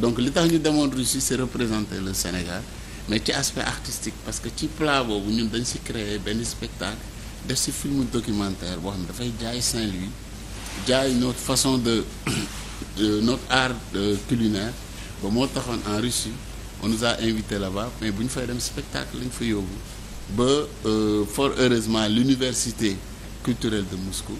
donc li tax ñu demoon Russie si représenter le Sénégal mais ci aspect artistique parce que ci plat boobu ñun dañu si benn spectacle def si film documentaire boo xam ne dafay jaay Saint-Louis jaay notre façon de, de notre art de euh, culinaire ba moo taxoon en Russie on nous a invité la bas mais bu ñu fay dem spectacle lañ fa yóbbu ba euh, fort heureusement l'université culturelle de Moscou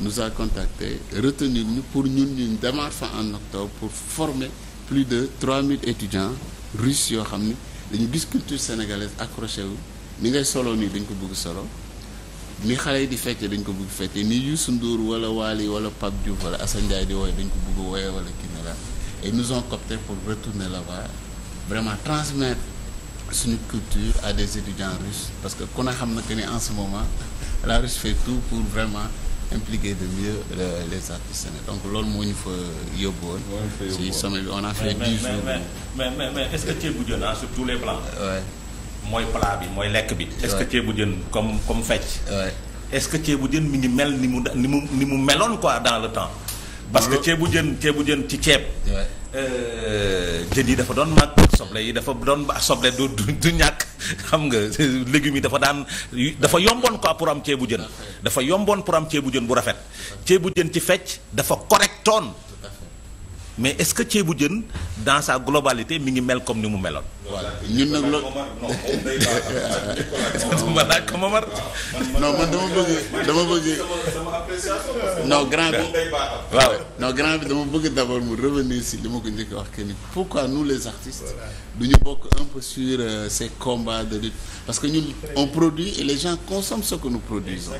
nous a contacté retenu ñu pour ñun ñu démarre fa en octobre pour former plus de 3000 étudiants russes yoo xam ni dañu gis culture sénégalaise accroché wu ni ngay solo nii dañ ko bugg solo ni xale yi di fecce dañ ko bugg fecce ni Youssou Ndour wala Wally wala Pape Diouf wala Assane Ndiaye di wooye dañ ko bugg wooye wala Kiné et nous ont coopté pour retourner là-bas vraiment transmettre suñu culture à des étudiants russes parce que ku ne xam na que ni en ce moment la Russie fait tout pour vraiment impliquer de mieux les artistes sénégalais donc loolu moo ñu fa yóbbu woon. si bi on a fait dix jours. mais mais mais mais est-ce que ceebu jën ah sur tous les plans. mooy plat bi mooy lekk bi. est-ce que ceebu jën comme comme fecc. est-ce que ceebu jën mi ngi mel ni mu ni mu ni mu meloon quoi dans le temps. parce que ceebu jën ceebu jën ci ceeb. Euh, jën yi dafa doon màgg soble yi dafa doon soble du du du ñàkk. xam nga légumes yi dafa daan dafa yomboon quoi pour am ceebu jën dafa yomboon pour am ceebu jën bu rafet ceebu jën ci fecc dafa correctoon mais est-ce que ceebu jën dans sa globalité mi ngi mel comme ni mu meloon. voilà ñun nag loolu. Momar. non man dama bëgg dama bëgg. non grand bi. waaw dama bëgg d'abord mu revenir si li ma ko njëkk wax que ni pourquoi nous les artistes. du ñu bokk un peu sur euh, ces combats de lutte parce que ñun on produit et les gens consomment ce que nous produisons.